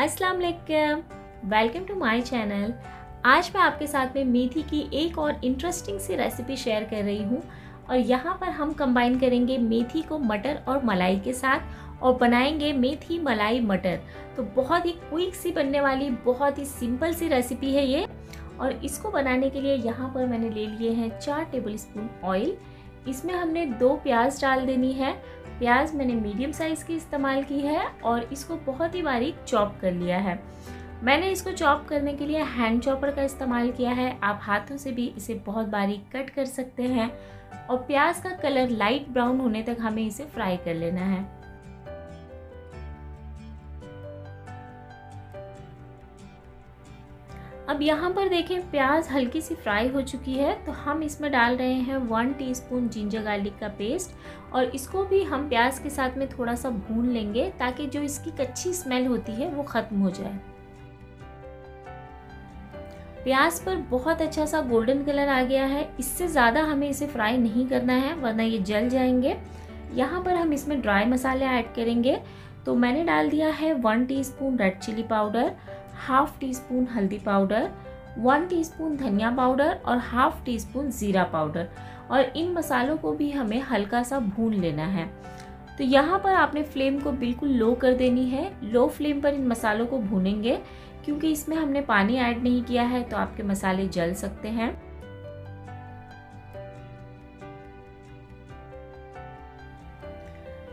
अस्सलाम वालेकुम welcome to my channel आज मैं आपके साथ में मेथी की एक और इंटरेस्टिंग सी रेसिपी शेयर कर रही हूँ और यहाँ पर हम कंबाइन करेंगे मेथी को मटर और मलाई के साथ और बनाएंगे मेथी मलाई मटर तो बहुत ही क्विक सी बनने वाली बहुत ही सिंपल सी रेसिपी है ये और इसको बनाने के लिए यहाँ पर मैंने ले लिए हैं चार टेबल स्पून ऑयल इसमें हमने दो प्याज डाल देनी है प्याज मैंने मीडियम साइज़ की इस्तेमाल की है और इसको बहुत ही बारीक चॉप कर लिया है मैंने इसको चॉप करने के लिए हैंड चॉपर का इस्तेमाल किया है आप हाथों से भी इसे बहुत बारीक कट कर सकते हैं और प्याज का कलर लाइट ब्राउन होने तक हमें इसे फ्राई कर लेना है अब यहाँ पर देखें प्याज हल्की सी फ्राई हो चुकी है तो हम इसमें डाल रहे हैं वन टीस्पून जिंजर गार्लिक का पेस्ट और इसको भी हम प्याज के साथ में थोड़ा सा भून लेंगे ताकि जो इसकी कच्ची स्मेल होती है वो ख़त्म हो जाए प्याज पर बहुत अच्छा सा गोल्डन कलर आ गया है इससे ज़्यादा हमें इसे फ्राई नहीं करना है वरना ये जल जाएंगे यहाँ पर हम इसमें ड्राई मसाले ऐड करेंगे तो मैंने डाल दिया है one teaspoon red chilli powder half teaspoon हल्दी पाउडर वन टीस्पून धनिया पाउडर और हाफ टी स्पून ज़ीरा पाउडर और इन मसालों को भी हमें हल्का सा भून लेना है तो यहाँ पर आपने फ्लेम को बिल्कुल लो कर देनी है लो फ्लेम पर इन मसालों को भूनेंगे क्योंकि इसमें हमने पानी ऐड नहीं किया है तो आपके मसाले जल सकते हैं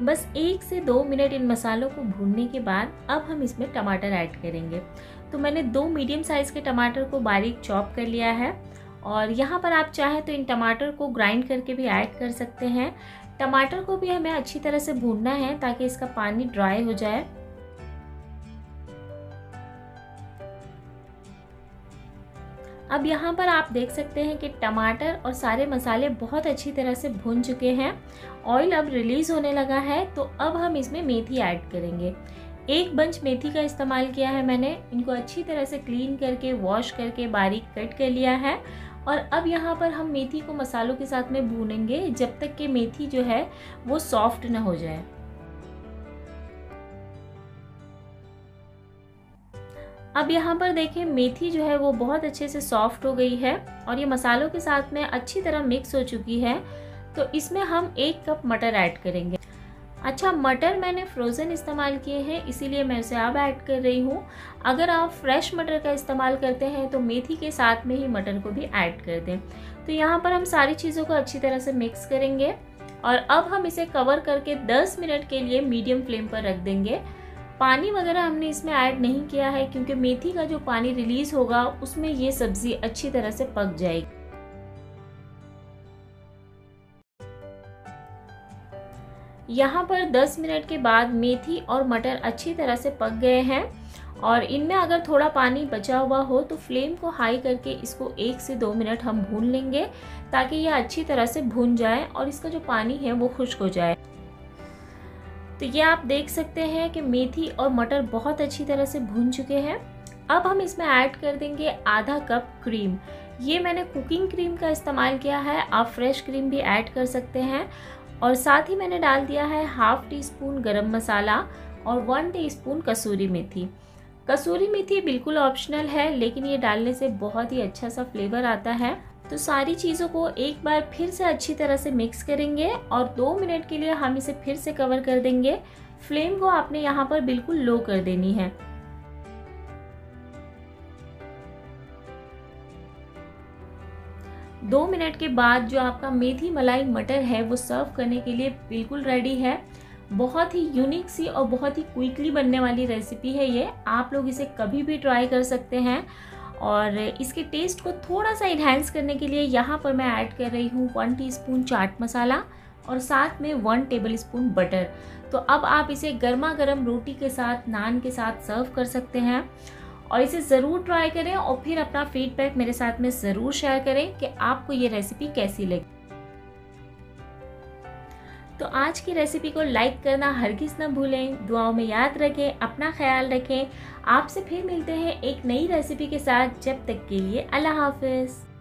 बस एक से दो मिनट इन मसालों को भूनने के बाद अब हम इसमें टमाटर ऐड करेंगे तो मैंने दो मीडियम साइज़ के टमाटर को बारीक चॉप कर लिया है और यहाँ पर आप चाहें तो इन टमाटर को ग्राइंड करके भी ऐड कर सकते हैं टमाटर को भी हमें अच्छी तरह से भूनना है ताकि इसका पानी ड्राई हो जाए अब यहाँ पर आप देख सकते हैं कि टमाटर और सारे मसाले बहुत अच्छी तरह से भुन चुके हैं ऑयल अब रिलीज़ होने लगा है तो अब हम इसमें मेथी ऐड करेंगे एक बंच मेथी का इस्तेमाल किया है मैंने इनको अच्छी तरह से क्लीन करके वॉश करके बारीक कट कर लिया है और अब यहाँ पर हम मेथी को मसालों के साथ में भूनेंगे जब तक कि मेथी जो है वो सॉफ्ट ना हो जाए अब यहाँ पर देखें मेथी जो है वो बहुत अच्छे से सॉफ्ट हो गई है और ये मसालों के साथ में अच्छी तरह मिक्स हो चुकी है तो इसमें हम एक कप मटर ऐड करेंगे अच्छा मटर मैंने फ्रोज़न इस्तेमाल किए हैं इसीलिए मैं उसे अब ऐड कर रही हूँ अगर आप फ्रेश मटर का इस्तेमाल करते हैं तो मेथी के साथ में ही मटर को भी ऐड कर दें तो यहाँ पर हम सारी चीज़ों को अच्छी तरह से मिक्स करेंगे और अब हम इसे कवर करके 10 मिनट के लिए मीडियम फ्लेम पर रख देंगे पानी वगैरह हमने इसमें ऐड नहीं किया है क्योंकि मेथी का जो पानी रिलीज होगा उसमें ये सब्ज़ी अच्छी तरह से पक जाएगी यहाँ पर 10 मिनट के बाद मेथी और मटर अच्छी तरह से पक गए हैं और इनमें अगर थोड़ा पानी बचा हुआ हो तो फ्लेम को हाई करके इसको एक से दो मिनट हम भून लेंगे ताकि ये अच्छी तरह से भून जाए और इसका जो पानी है वो खुश्क हो जाए तो ये आप देख सकते हैं कि मेथी और मटर बहुत अच्छी तरह से भून चुके हैं अब हम इसमें ऐड कर देंगे आधा कप क्रीम ये मैंने कुकिंग क्रीम का इस्तेमाल किया है आप फ्रेश क्रीम भी ऐड कर सकते हैं और साथ ही मैंने डाल दिया है हाफ टी स्पून गर्म मसाला और वन टी स्पून कसूरी मेथी कसूरी मेथी बिल्कुल ऑप्शनल है लेकिन ये डालने से बहुत ही अच्छा सा फ्लेवर आता है तो सारी चीज़ों को एक बार फिर से अच्छी तरह से मिक्स करेंगे और दो मिनट के लिए हम इसे फिर से कवर कर देंगे फ्लेम को आपने यहाँ पर बिल्कुल लो कर देनी है दो मिनट के बाद जो आपका मेथी मलाई मटर है वो सर्व करने के लिए बिल्कुल रेडी है बहुत ही यूनिक सी और बहुत ही क्विकली बनने वाली रेसिपी है ये आप लोग इसे कभी भी ट्राई कर सकते हैं और इसके टेस्ट को थोड़ा सा इन्हेंस करने के लिए यहाँ पर मैं ऐड कर रही हूँ वन टीस्पून चाट मसाला और साथ में वन टेबल स्पून बटर तो अब आप इसे गर्मा गर्म रोटी के साथ नान के साथ सर्व कर सकते हैं और इसे ज़रूर ट्राई करें और फिर अपना फीडबैक मेरे साथ में ज़रूर शेयर करें कि आपको ये रेसिपी कैसी लगी तो आज की रेसिपी को लाइक करना हरगिज ना भूलें दुआओं में याद रखें अपना ख्याल रखें आपसे फिर मिलते हैं एक नई रेसिपी के साथ जब तक के लिए अल्लाह हाफिज़